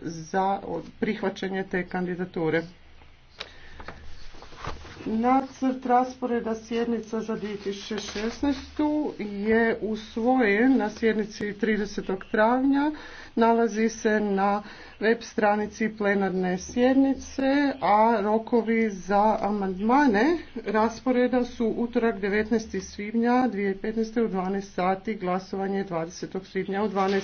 za prihvaćanje te kandidature. Nacrt rasporeda sjednica za 2016. je usvojen na sjednici 30. travnja. Nalazi se na web stranici plenarne sjednice, a rokovi za amandmane rasporeda su utorak 19. svibnja 2015. u 12 sati, glasovanje 20. svibnja u 12